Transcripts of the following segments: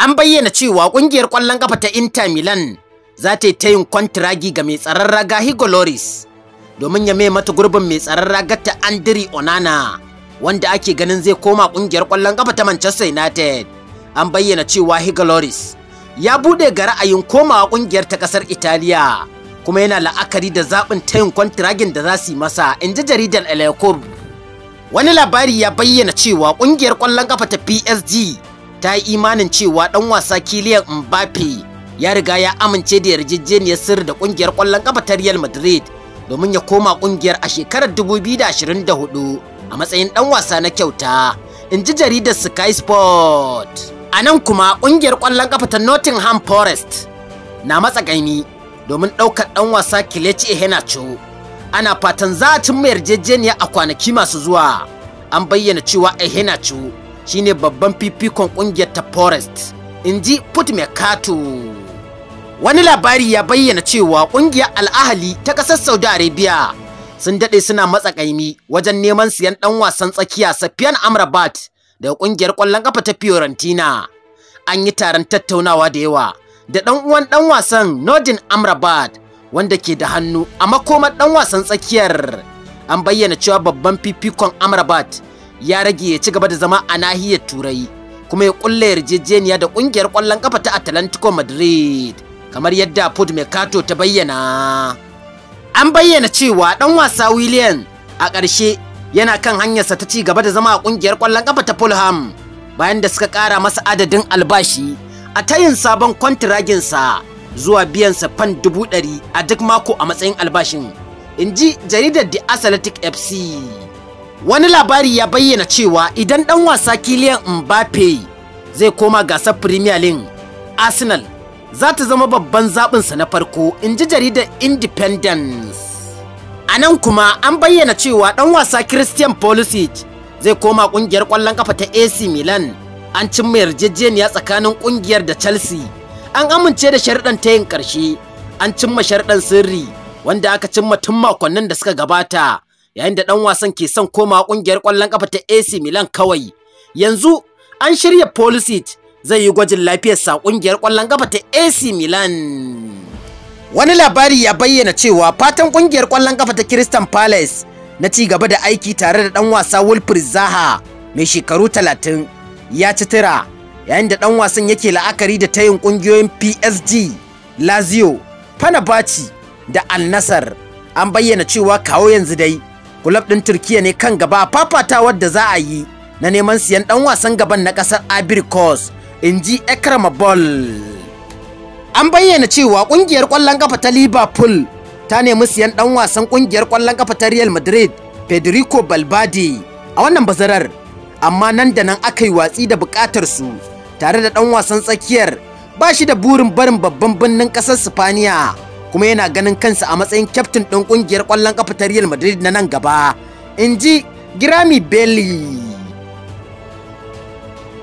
An bayyana cewa ƙungiyar ƙwallon ƙafa ta Inter Milan za ta yi tayin yin kwantiragi ga mai tsaron raga Hugo Loris domin ya mai mata gurbin mai tsaron raga ta Andri Onana wanda ake ganin zai koma ƙungiyar ƙwallon ƙafa ta Manchester United. An bayyana cewa Hugo Loris ya buɗe ga ra'ayin komawa ƙungiyar ta ƙasar Italiya kuma yana la'akari da zaɓin tayin yin kwantiragin da za su yi masa in ji jaridar El Wani labari ya bayyana cewa ƙungiyar ƙwallon ƙafa ta PSG ta yi imanin cewa dan wasa Kylian Mbappe ya riga ya amince da yarjejeniyar sirri da kungiyar ƙwallon ƙafa ta Real Madrid domin ya koma kungiyar a shekarar 2024 a matsayin dan wasa na kyauta in ji jaridar Sky Sport. A nan kuma kungiyar ƙwallon ƙafa ta Nottingham Forest na matsa gaini, domin ɗaukar ɗan wasa Kelechi Iheanacho. Ana fatan za a cimma yarjejeniya a kwanaki masu zuwa. An bayyana cewa Iheanacho shine babban fifikon kungiyar ta forest in ji put mekato wani labari ya bayyana cewa kungiyar al'ahali ta kasar saudi arabia sun daɗe suna matsa matsakaimi wajen neman siyan ɗan wasan tsakiya safiyan amrabat daga kungiyar kwallon ƙafa ta fiorentina an yi taron tattaunawa da yawa da ɗan uwan ɗan wasan nordin amrabat wanda ke da hannu a makomar ɗan wasan tsakiyar an bayyana cewa babban fifikon amrabat ya rage ya ci gaba da zama a nahiyar turai kuma ya kulle yarjejeniya da kungiyar kwallon kafa ta atlantico madrid kamar yadda pod mercato ta bayyana an bayyana cewa dan wasa william a ƙarshe yana kan hanyarsa ta ci gaba da zama a kungiyar kwallon kafa ta fulham bayan da suka ƙara masa adadin albashi a tayin sabon kwantiraginsa zuwa sa fan dubu ɗari a duk mako a matsayin albashin inji jaridar the athletic fc Wani labari ya bayyana cewa idan ɗan wasa Kylian Mbappe zai koma gasar Premier League, Arsenal za ta zama babban zaɓinsa na farko, in ji jaridar Independence. A nan kuma an bayyana cewa ɗan wasa Christian Pulisic zai koma ƙungiyar ƙwallon ƙafa ta AC Milan. An cimma yarjejeniya tsakanin ƙungiyar da Chelsea. An amince da sharɗan ta yin ƙarshe. An cimma sharɗan sirri wanda aka cimma tun makonnin da suka gabata. yayin da ɗan wasan ke son koma ƙungiyar ƙwallon ƙafa ta AC Milan kawai. Yanzu an shirya Pulisic zai yi gwajin lafiyarsa ƙungiyar ƙwallon ƙafa ta AC Milan. Wani labari ya bayyana cewa fatan ƙungiyar ƙwallon ƙafa ta Crystal Palace na ci gaba da aiki tare da ɗan wasa Wilfried Zaha mai shekaru 30 ya ci tira yayin da ɗan wasan yake la'akari da tayin ƙungiyoyin PSG, Lazio, Fenerbahce da Al Nassr. An bayyana cewa kawo yanzu dai Kulab ɗin Turkiya ne kan gaba fafatawar wadda za a yi na neman siyan ɗan wasan gaban na ƙasar Ivory Coast, in ji Ekram Ball. An bayyana cewa ƙungiyar ƙwallon ƙafa ta Liverpool ta nemi siyan ɗan wasan ƙungiyar ƙwallon ƙafa ta Real Madrid, Federico Balbadi, a wannan bazarar, amma nan da nan aka yi watsi da buƙatar su tare da ɗan wasan tsakiyar ba shi da burin barin babban birnin ƙasar Sifaniya. kuma yana ganin kansa a matsayin kyaftin ɗin ƙungiyar ƙwallon ƙafa ta Real Madrid na nan gaba. In ji Grammy belly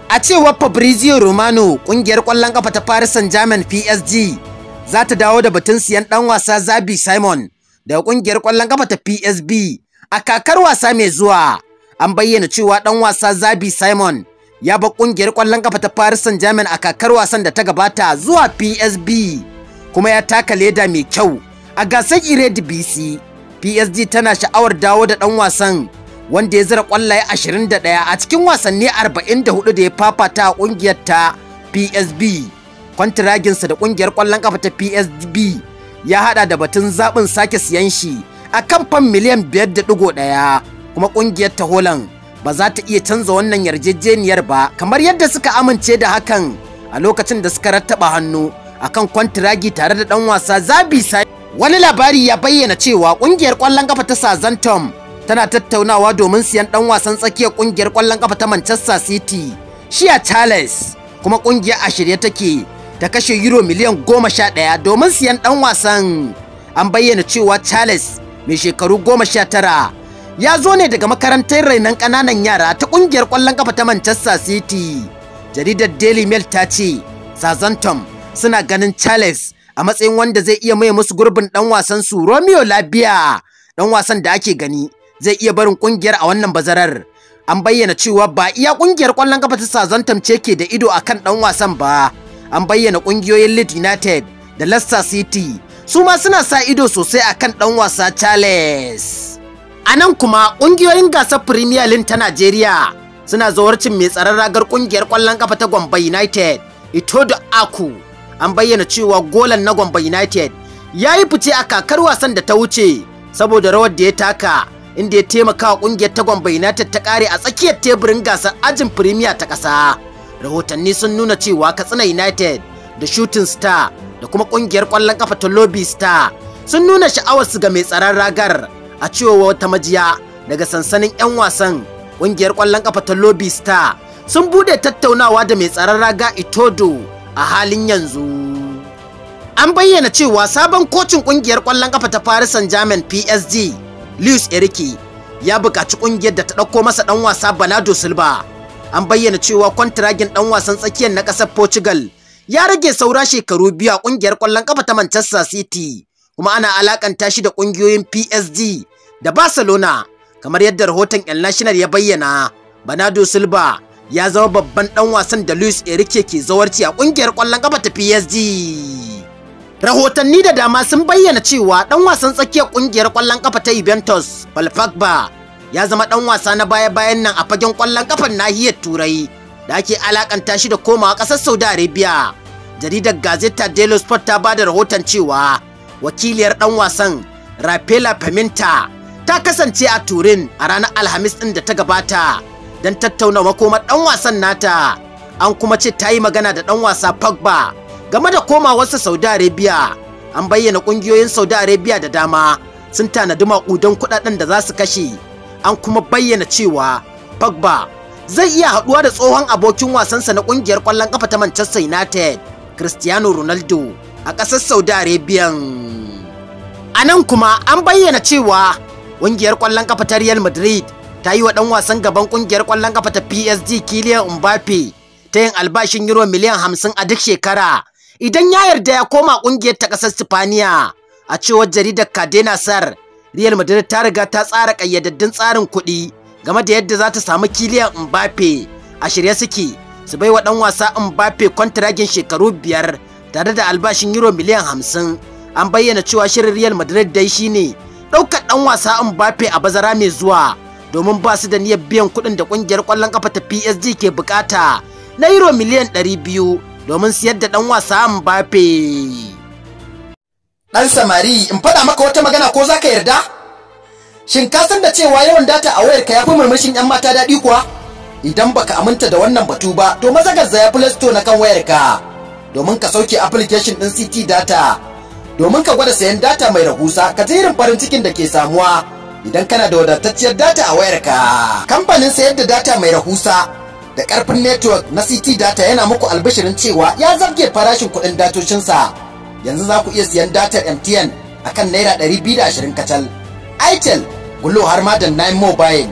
A cewar Fabrizio Romano, ƙungiyar ƙwallon ƙafa ta Paris Saint-Germain PSG za ta dawo da batun siyan ɗan wasa Zabi Simon daga ƙungiyar ƙwallon ƙafa ta PSB a kakar wasa mai zuwa. An bayyana cewa ɗan wasa Zabi Simon ya bar ƙungiyar ƙwallon ƙafa ta Paris Saint-Germain a kakar wasan da ta gabata zuwa PSB. kuma ya taka leda mai kyau a gasar Ired BC PSG tana sha'awar dawo da dan wasan wanda ya zira kwallaye 21 a cikin wasanni 44 da ya fafata a kungiyar ta PSB kwantiraginsa da kungiyar kwallon kafa ta PSB ya hada da batun zaɓin sake siyan shi a kamfan miliyan 5.1 kuma kungiyar ta Holland ba za ta iya canza wannan yarjejeniyar ba kamar yadda suka amince da hakan a lokacin da suka rattaba hannu akan kwantiragi tare da dan wasa Zabi Sai. Wani labari ya bayyana cewa kungiyar kwallon kafa ta Southampton tana tattaunawa domin siyan dan wasan tsakiyar kungiyar kwallon kafa ta Manchester City, a Charles, kuma ƙungiyar a shirye take ta kashe euro miliyan goma sha ɗaya domin siyan dan wasan. An bayyana cewa Charles mai shekaru goma sha tara ya zo ne daga makarantar rainon ƙananan yara ta ƙungiyar kwallon kafa ta Manchester City. Jaridar Daily Mail ta ce, Southampton suna ganin Charles a matsayin wanda zai iya maye musu gurbin dan wasan su Romeo Labia dan wasan da ake gani zai iya barin kungiyar a wannan bazarar an bayyana cewa ba iya kungiyar kwallon kafa ta Southampton ce ke da ido akan dan wasan ba an bayyana kungiyoyin Leeds United da Leicester City su ma suna sa ido sosai akan dan wasa Charles a nan kuma kungiyoyin gasar Premier League ta Najeriya suna zawarcin mai tsaron ragar kungiyar kwallon kafa ta Gombe United Itodo Aku an bayyana cewa golan na Gombe United ya yi fice a kakar wasan da ta wuce saboda rawar da ya taka inda ya taimaka wa kungiyar ta Gombe United ta kare a tsakiyar teburin gasar ajin Premier ta ƙasa. Rahotanni sun nuna cewa Katsina United da Shooting Star da kuma kungiyar ƙwallon kafa ta Lobby Star sun nuna sha'awarsu ga mai tsaron ragar a cewa wata majiya daga sansanin 'yan wasan kungiyar ƙwallon kafa ta Lobby Star sun bude tattaunawa da mai tsaron raga Itodo a halin yanzu. An bayyana cewa sabon kocin kungiyar ƙwallon ƙafa ta Paris Saint-Germain PSG, Luis Enrique, ya buƙaci kungiyar da ta ɗauko masa ɗan wasa Bernardo Silva. An bayyana cewa kwantiragin ɗan wasan tsakiyar na ƙasar Portugal ya rage saura shekaru biyu a kungiyar ƙwallon ƙafa ta Manchester City, kuma ana alakanta shi da ƙungiyoyin PSG da Barcelona, kamar yadda rahoton El National ya bayyana. Bernardo Silva ya zama babban dan wasan da Luis Enrique ke zawarci a kungiyar kwallon kafa ta PSG. Rahotanni da dama sun bayyana cewa dan wasan tsakiyar kungiyar kwallon kafa ta Juventus, Paul Pogba, ya zama dan wasa na baya-bayan nan a fagen kwallon kafar nahiyar Turai da ake alakanta shi da komawa kasar Saudi Arabia. Jaridar Gazeta dello Sport ta bada rahoton cewa wakiliyar dan wasan Rafaela Pimenta ta kasance a Turin a ranar Alhamis din da ta gabata. don tattauna makoma ɗan wasan nata an kuma ce ta yi magana da ɗan wasa Pogba game da komawarsa Saudi Arabia an bayyana ƙungiyoyin Saudi Arabia da dama sun tanadi maƙudan kuɗaɗen da za su kashe an kuma bayyana cewa Pogba zai iya haɗuwa da tsohon abokin wasansa na ƙungiyar ƙwallon ƙafa ta Manchester United Cristiano Ronaldo a ƙasar Saudi Arabia a nan kuma an bayyana cewa ƙungiyar ƙwallon ƙafa ta Real Madrid ta yi wa ɗan wasan gaban ƙungiyar ƙwallon kafa ta PSG Kylian Mbappe ta yin albashin euro miliyan hamsin a duk shekara idan ya yarda ya koma ƙungiyar ta ƙasar Sifaniya a cewar jaridar Cadena Sar Real Madrid ta riga ta tsara ƙayyadaddun tsarin kuɗi game da yadda za ta samu Kylian Mbappe a shirye suke su bai wa ɗan wasa Mbappe kwantiragin shekaru biyar tare da albashin euro miliyan hamsin an bayyana cewa shirin Real Madrid dai shine ɗaukar ɗan wasa Mbappe a bazara mai zuwa domin ba su da niyyar biyan kuɗin da ƙungiyar ƙwallon ƙafa ta PSG ke bukata na euro miliyan 200 domin siyar da ɗan wasa Mbappe. Ɗan samari in faɗa maka wata magana ko za ka yarda? Shin ka san da cewa yawan data a wayarka ya fi murmushin 'yan mata daɗi kuwa? Idan baka aminta da wannan batu ba, to maza zaya Play Store na kan wayarka domin ka sauke application ɗin CT Data. Domin ka gwada sayan data mai rahusa ka ji irin farin cikin da ke samuwa idan kana da wadatacciyar data a wayarka. Kamfanin sayar da data mai rahusa da ƙarfin network na CT data yana muku albishirin cewa ya zarge farashin kuɗin datocinsa. Yanzu za ku iya siyan datar MTN a kan Naira 220 kacal. Itel, Gullo har ma da Nine Mobile.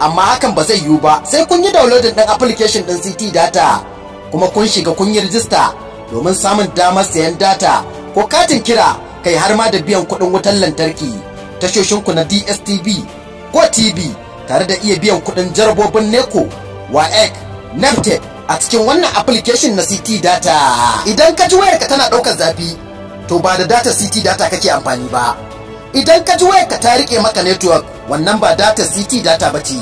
Amma hakan ba zai yiwu ba sai kun yi downloading ɗin application ɗin CT data kuma kun shiga kun yi rijista domin samun damar sayan data ko katin kira kai har ma da biyan kuɗin wutar lantarki. tashoshinku na DSTV, ko TV, tare da iya biyan kuɗin jarabobin NECO, WAEC, NAFTEC a cikin wannan application na CT Data. Idan ka ji wayarka tana ɗaukar zafi, to ba da data CT Data kake amfani ba. Idan ka ji wayarka ta rike maka network, wannan ba data CT Data ba ce.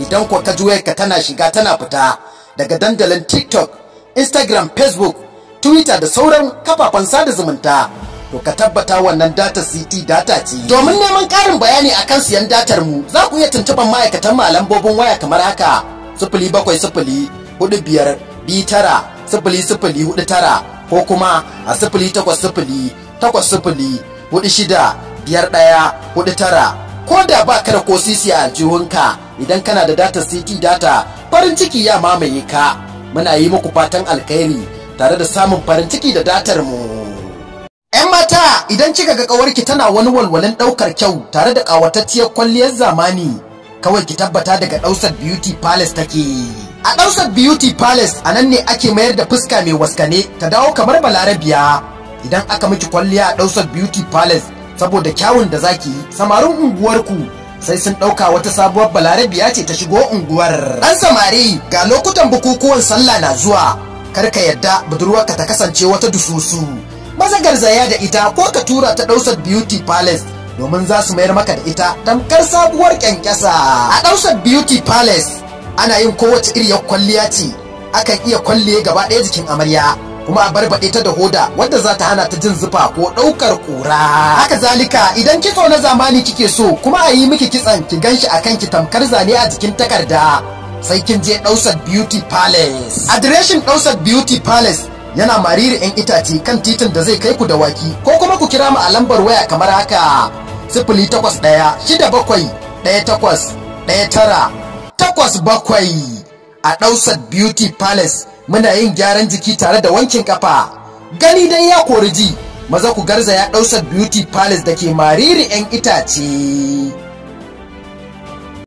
Idan kuwa ka ji wayarka tana shiga tana fita daga dandalin TikTok, Instagram, Facebook, Twitter da sauran kafafen sada zumunta. to ka tabbata wannan data CT data ce. Domin neman ƙarin bayani akan siyan datar mu za ku iya tuntuɓar ma'aikatan malambobin waya kamar haka sifili bakwai ko kuma a sifili takwas biyar ɗaya hudu tara ko da ba ka da ko sisi a aljihunka idan kana da data city data farin ciki ya mamaye ka muna yi muku fatan alkhairi tare da samun farin ciki da datar mu idan kika ga ƙawarki tana wani walwalin ɗaukar kyau tare da ƙawatacciyar kwalliyar zamani kawai ki tabbata daga ɗausar beauty palace take a ɗausar beauty palace a nan ne ake mayar da fuska mai waskane ta dawo kamar balarabiya idan aka miki kwalliya a ɗausar beauty palace saboda kyawun da zaki samarin unguwar ku sai sun ɗauka wata sabuwar balarabiya ce ta shigo unguwar ɗan samari ga lokutan bukukuwan sallah na zuwa kar ka yadda budurwarka ta kasance wata dususu maza garzaya da ita ko ka tura ta ɗausar beauty palace domin za su mayar maka da ita tamkar sabuwar kyankyasa a ɗausar beauty palace ana yin kowace iriyar kwalliya ce akan iya kwalliye gaba ɗaya jikin amarya kuma a barbaɗe ta da hoda wadda za ta hana ta jin zufa ko ɗaukar ƙura. Haka zalika idan kitso na zamani kike so kuma a yi miki kitson ki ganshi a ki tamkar zane a jikin takarda sai kin je ɗausar Beauty Palace. Adireshin ɗausar Beauty Palace yana mariri 'yan itace kan titin da zai kai ku da waki ko kuma ku kira mu a lambar waya kamar haka sifili takwas ɗaya shida bakwai ɗaya takwas ɗaya tara takwas bakwai a ɗausar beauty palace muna yin gyaran jiki tare da wankin kafa gani dai ya kori ji maza ku garza ya ɗausar beauty palace da ke mariri 'yan itace